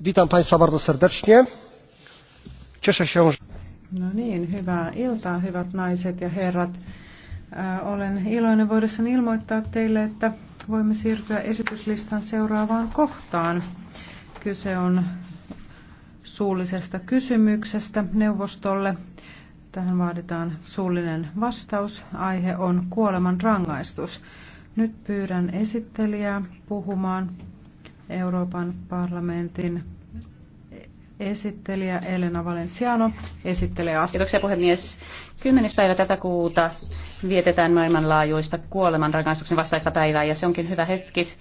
Witam Państwa bardzo serdecznie. Cieszę się, że... No niin, hyvää iltaa, hyvät naiset ja herrat. Äh, olen iloinen voidessani ilmoittaa teille, että voimme siirtyä esityslistan seuraavaan kohtaan. Kyse on suullisesta kysymyksestä neuvostolle. Tähän vaaditaan suullinen vastaus. Aihe on kuoleman rangaistus. Nyt pyydän esittelijää puhumaan Euroopan parlamentin esittelijä Elena Valenciano esittelee asiaa. Kiitoksia puhemies. 10. päivä tätä kuuta vietetään maailmanlaajuista kuolemanrangaistuksen vastaista päivää ja se onkin hyvä hetki